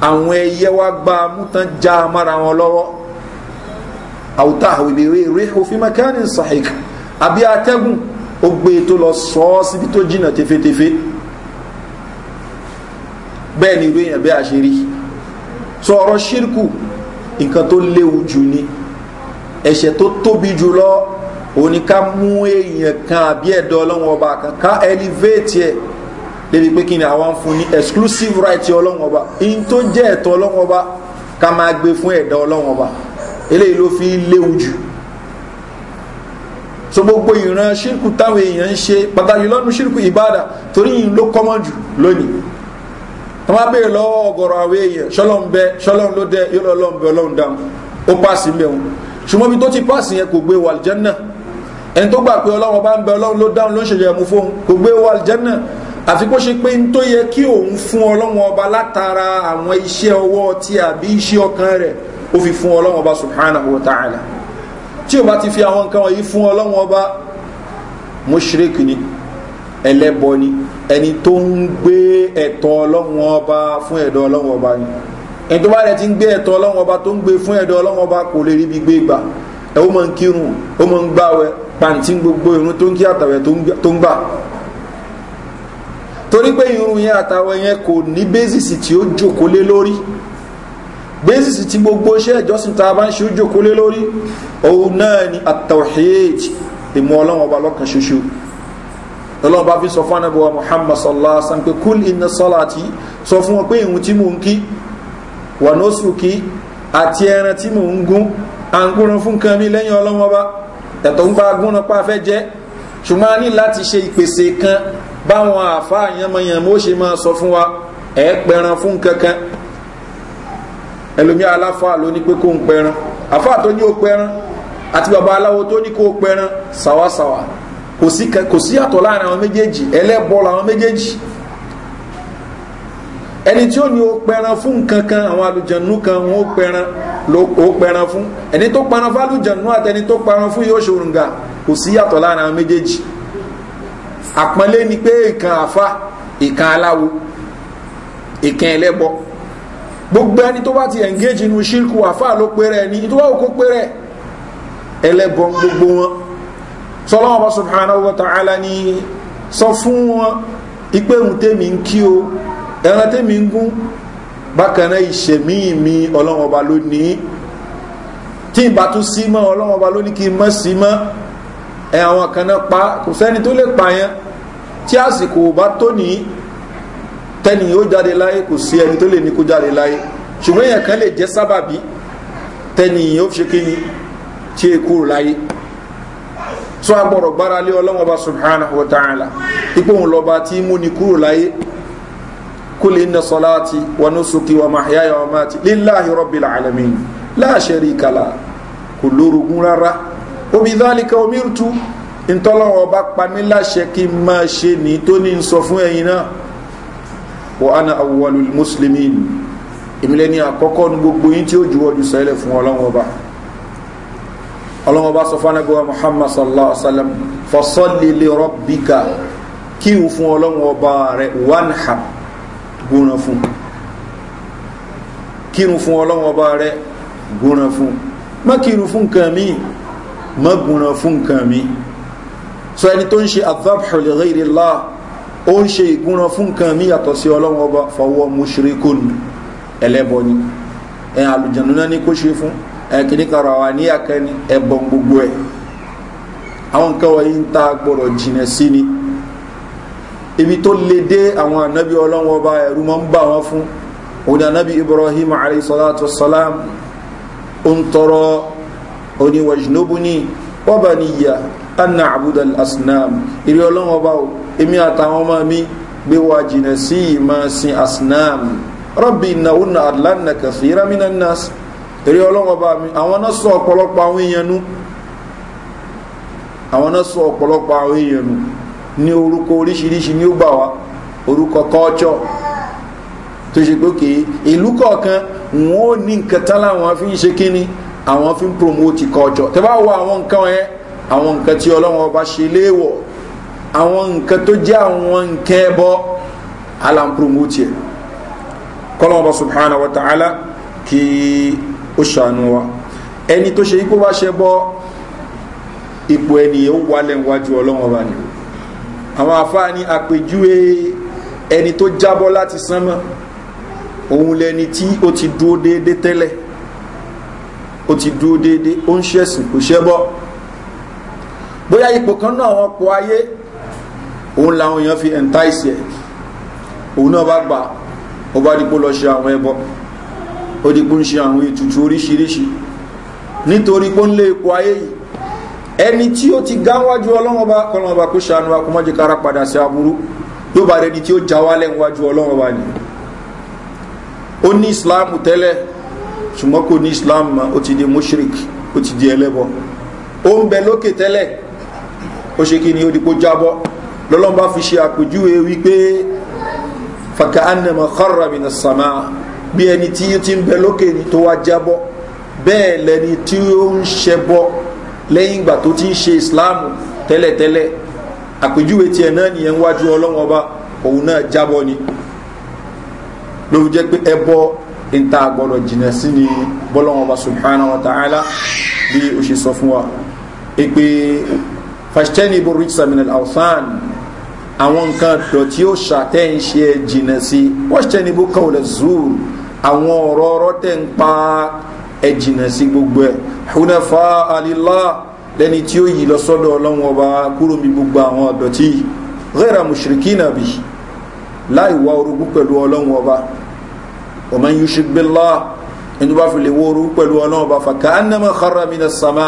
àwọn ẹyẹ wa gba mútan já amára wọn lọ́wọ́ àwùtá àwìlérè rè òfin mẹkáníkì sàhìk àbí atẹ́gùn ó gbé e tó lọ sọ ọ́ síbi tó jìnnà tefetefe bẹ́ẹ̀ ni ìròyìn ẹ̀bẹ́ àṣírí sọ ọ̀rọ̀ ṣírkù nǹkan tó léwu jù ni ẹ̀ṣẹ̀ tó tóbi jù lọ òní ká mú èèyàn kan àbí ẹ̀dọ́ ọlọ́run ọba kan ká elevate ẹ̀ débi pé kí ni àwọn fún ní exclusive right ọlọ́run ọba in tó jẹ́ ẹ̀tọ́ ọlọ́run ọba ká máa gbé fún ẹ̀dọ́ ọlọ́run ọba eléyìí ló fi léwu jù so gbogbo ìran ṣírkù táwọn èèyàn ń ṣe pàtàkì lọ́nu ṣírkù ìbáàdà torí yìí ló kọ́mọ́ jù lónìí wọ́n á béèrè lọ́wọ́ ọ̀gọ̀rọ̀ àwọn èèyàn ṣọlọ́n bẹ ṣọlọ́n ló dẹ yóò lọ́lọ́n bẹ ọlọ́run dáhùn ó pàṣẹ mẹ́wọ̀n ṣùgbọ́n ibi tó ti pàṣẹ yẹn kò gbé wà lìjẹ́nà ẹni tó gbà pé ọlọ́run bá ń bẹ ọlọ́run ló dáhùn ló ń ṣèyẹ mú fóun kò gbé wà lìjẹ́nà àfi kó ṣe pé n tó yẹ kí òun fún ọlọ́run ọba látara àwọn iṣẹ́ ọwọ́ tí àbí iṣẹ́ ọkàn rẹ̀ ó fi fún ọlọ́run ọba subhanahu wa ta'ala tí o bá ti fi àwọn nǹkan wọ̀nyí fún ọlọ́run ọba mushrik ni ẹlẹ́bọ ni ẹni tó ń gbé ẹ̀tọ́ ọlọ́run ọba fún ẹ̀dọ́ ọlọ́run ọba ni ẹni tó bá rẹ̀ ti ń gbé ẹ̀tọ́ ọlọ́run ọba tó ń gbé fún ẹ̀dọ́ ọlọ́run ọba kò lè ríbi gbé gbà ẹ̀ ó mọ̀ ń kírun ó mọ̀ ń gbáwẹ pàǹtí gbogbo irun tó ń kí àtàwẹ̀ tó ń gbà torí pé irun yẹn àtàwẹ̀ yẹn kò ní bẹ́sìsì tí ó jòkó lé lórí bẹ́sìsì tí gbogbo iṣẹ́ ìjọsìn tá a bá ń ṣe ó jòkó lé lórí òun náà ni àtàwẹ̀ ìmọ̀ ọlọ́run ọba lọ́kàn ṣoṣo lọ́lọ́run bá fi sọ fún anábọ̀ muhammad sallallahu alaihi sallam pé kúl iná sọ́láàtì sọ fún wọn pé ìhun tí mò ń kí wà nósùkì àti ẹran tí mò ń gún à ń gúnran fún nǹkan mi lẹ́yìn ọlọ́wọ́n bá ẹ̀tọ́ ń bá gúnran pa afẹ́ jẹ́ ṣùgbọ́n a ní láti ṣe ìpèsè kan báwọn àfáà yánmọ́yánmọ́ ṣe máa sọ fún wa ẹ̀ pẹran fún kankan ẹlòmí aláfáà ló ní pé kó ń pẹran àfáà tó ní ó pẹran àti bàbá aláwo tó ní kó pẹran sàwásàwà kò sí kò sí àtọ̀ láàrin àwọn méjèèjì ẹlẹ́bọ làwọn méjèèjì ẹni tí ó ní o pẹran fún nǹkan kan àwọn àlùjànnú kan wọn ó pẹran ló ó pẹran fún ẹni tó pẹran fún àlùjànnú àtẹni tó pẹran fún yóò ṣòrùngà kò sí àtọ̀ láàrin àwọn méjèèjì àpọ́nlé ni pé ìkan àfa ìkan aláwo ìkan ẹlẹ́bọ gbogbo ẹni tó bá ti engage inú ṣírkù àfa ló pẹ́rẹ́ ẹni tó bá wò pẹ́rẹ́ ẹlẹ́bọ gbogbo wọn sọlọ́wọ́ bá subhanahu wa ta'ala ni sọ fún wọn ipé ohun tèmi ń kí o ẹran tèmi ń gún bákan ìṣẹ̀mí mi ọlọ́wọ́ bá ló ní tí ìbá tún sí mọ́ ọlọ́wọ́ bá kí mọ́ sí mọ́ ẹ àwọn pa kò sẹ́ni tó lè pààyàn tí àsìkò bá tó ní tẹ́ni yóò jáde láyé kò sí ẹni tó lè ní kó jáde láyé ṣùgbọ́n èèyàn kan lè jẹ́ sábàbí tẹ́ni yóò fi ṣe kí ni tí èkó láyé so a gbọ́dọ̀ gbára lé ọlọ́wọ́n bá subhanahu wa ta'ala ipò òun lọ́ba tí mú ni kúrò láyé kul inna salati wa nusuki wa mahyaya wa mati lillahi rabbil alamin la sharika la kò lórogún rárá omi dhalika umirtu ntọ́lọ́wọ́ bá pa mí láṣẹ kí n máa ṣe ní tó ní sọ fún ẹ̀yin náà wa ana awwalul muslimin ìmìlẹ́ni àkọ́kọ́ ní gbogbo yín tí ó juwọ́jú sẹ́lẹ̀ fún ọlọ́wọ́ bá ọlọ́wọ́ bá sọ fánagọ́wà muhammad sallallahu alaihi wasallam fọ́sọ́lélẹ̀ rọ́bíkà kí n fún ọlọ́wọ́ ọba rẹ̀ wánhà gúnran fún kírun fún ọlọ́wọ́ ọba rẹ̀ gúnran fún má kírun fún nǹkan mi má gúnran fún nǹkan mi sọ ẹni tó ń ṣe àdábàlẹ̀rẹ̀lá ó ń ṣe ìgúnran fún nǹkan mi yàtọ̀ sí ọlọ́wọ́ ọba fọwọ́ mú ṣerékónù ẹlẹ́bọ ni ẹ̀ àlùjànnú náà ní kó ṣe fún kìnnì kan ra wa ní akẹni ẹbọn gbogbo ẹ àwọn nǹkan wọ̀nyí ń ta gbọ́dọ̀ jìnà sí ni ibi tó le dé àwọn ànábì ọlọ́wọ́ bá ẹ̀rú máa ń bà wọ́n fún òní ànábì ibrahim alayhi salatu wasalam ó ń tọrọ òní abudul asnam ìrí ọlọ́wọ́ bá o èmi àtàwọn ọmọ mi gbé wa jìnà sí ìmọ̀ sin asnam rọ́bì ìnáwó náà àdìlánà kàfíìrámínà náà eré ọlọ́wọ́ bá mi àwọn náà sọ ọ̀pọ̀lọpọ̀ àwọn èèyàn nu àwọn náà sọ ọ̀pọ̀lọpọ̀ àwọn èèyàn nu ní orúkọ oríṣiríṣi ní ó gbà wá orúkọ kọ́ọ̀tsọ̀ tó ṣe pé kìí ìlú kọ̀ọ̀kan wọn ò ní nǹkan tán láwọn fi ń ṣe kínní àwọn fi ń promote kọ́ọ̀tsọ̀ tẹ́ bá wọ àwọn nǹkan yẹn àwọn nǹkan tí ọlọ́wọ́ bá ṣe léèwọ̀ àwọn nǹkan tó jẹ́ àwọn nǹkan ẹbọ alampromote kọ́lọ́wọ́ bá subhanahu wa ta'ala kìí kó ṣàánú wa ẹni tó ṣe kó bá ṣe bọ́ ipò ẹnìyẹn ó wálẹ̀ wájú ọlọ́wọ́n ọba ni àwọn afáà ní àpèjúwe ẹni tó jábọ́ láti sánmọ́ òun lẹni tí ó ti dúó déédé tẹ́lẹ̀ ó ti dúó déédé ó ń ṣẹ̀sìn kò ṣẹ́ bọ́ bóyá ipò kan náà wọn pọ̀ ayé òun làwọn èèyàn fi ẹ̀ńtáìsì ẹ̀ òun náà bá gbà ó bá dípò lọ ṣe àwọn ẹbọ ó di pé ń ṣe àwọn ètùtù oríṣiríṣi nítorí pé ń lé epo ayé yìí ẹni tí ó ti gáwájú ọlọ́mọba kọlọ́mọba kó ṣàánú akọmọ́jẹ kára padà sí aburú yóò bá rẹni tí ó já wálẹ̀ níwájú ọlọ́mọba ni ó ní islam tẹ́lẹ̀ ṣùgbọ́n kò ní islam ma ó ti di mushrik ó ti di ẹlẹ́bọ ó ń bẹ lókè tẹ́lẹ̀ ó ṣe kí ni ó dìpọ̀ jábọ́ lọ́lọ́mọba fi ṣe àpèjúwe wípé fàkà ánàmà kọ́ra mi nà sàmáà bí ẹni tí ó ti ń bẹ lókè ni tó wá jábọ́ bẹ́ẹ̀ lẹni tí ó ń ṣẹbọ lẹ́yìn ìgbà tó ti ń ṣe islam tẹ́lẹ̀tẹ́lẹ̀ àpèjúwe tiẹ̀ náà nìyẹn wájú ọlọ́wọ́n ọba òun náà jábọ́ ni ló jẹ́ pé ẹbọ ìta àgbọ̀dọ̀ jìnà sí ni bọ́lọ́wọ́n ọba subhanahu wa ta'ala bí ó ṣe sọ fún wa ìpè fashtẹ́ni boris samuel alfan àwọn nǹkan dọ̀tí ó ṣàtẹ́ ń ṣe jìnà sí wọ́n ṣẹ́ni bó kàwé lẹ́zùrù àwọn ọ̀rọ̀ ọ̀rọ̀ tẹ̀ ń pa ẹ̀jìnà sí gbogbo ẹ̀ hunafa alillah lẹ́ni tí ó yí lọ sọ́dọ̀ ọlọ́run ọba kúrò mi gbogbo àwọn ọ̀dọ̀tí rẹ́ra mùsùlùkì nàbì láì wá orogún pẹ̀lú ọlọ́run ọba ọmọ yìí ṣe gbé lá ẹni bá fi lè wó orogún pẹ̀lú ọlọ́run ọba fàkà ánàmọ́ haramina sàmà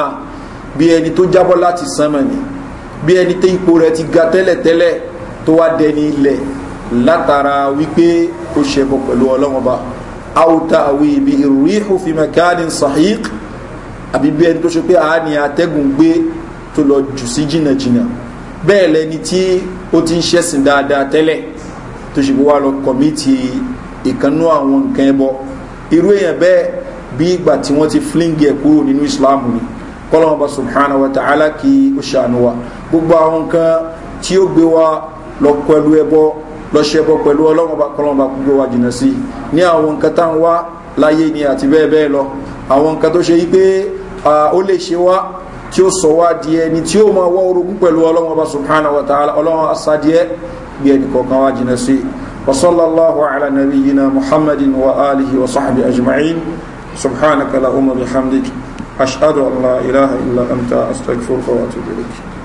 bí ẹni tó jábọ́ láti sánmà ni bí ẹni tẹ́ ipò rẹ̀ ti ga tẹ́lẹ̀tẹ́lẹ̀ tó wá dẹni ilẹ̀ látara wípé ó ṣẹbọ pẹ̀lú ọlọ́run ọba àwòtá àwò ìbí ìrìhù fi mẹkáàdì sahik àbí bí ẹni tó ṣe pé àá ní atẹ́gùn gbé tó lọ jù sí jìnnàjìnnà bẹ́ẹ̀ lẹni tí ó ti ń ṣẹ̀sìn dáadáa tẹ́lẹ̀ tó ṣe pé wà lọ kọ̀mítì ìkànnú àwọn nǹkan ẹbọ irú èèyàn bẹ́ẹ̀ bí ìgbà tí wọ́n ti flingi ẹ̀ kúrò nínú islam ni kọ́lọ́mọ bá subhanahu wa ta'ala kí ó ṣàánú wa gbogbo àwọn nǹkan tí ó gbé wa lọ pẹ̀lú ẹbọ lọ́ṣẹ́bọ pẹ̀lú ọlọ́run bá kọ́lọ́run bá gbogbo wa jìnà sí ní àwọn nǹkan tá ń wá láyé ni àti bẹ́ẹ̀ bẹ́ẹ̀ lọ àwọn nǹkan tó ṣe yí pé ó lè ṣe wá tí ó sọ wá di ẹni tí ó máa wá orogún pẹ̀lú ọlọ́run ọba subhanahu wa ta'ala bí ẹni kọ̀ọ̀kan wá jìnà sí wa ala nabiyyina muhammadin wa alihi wa sahbihi ajma'in subhanaka la umar bihamdik ashhadu ilaha illa anta astaghfiruka wa atubu ilayk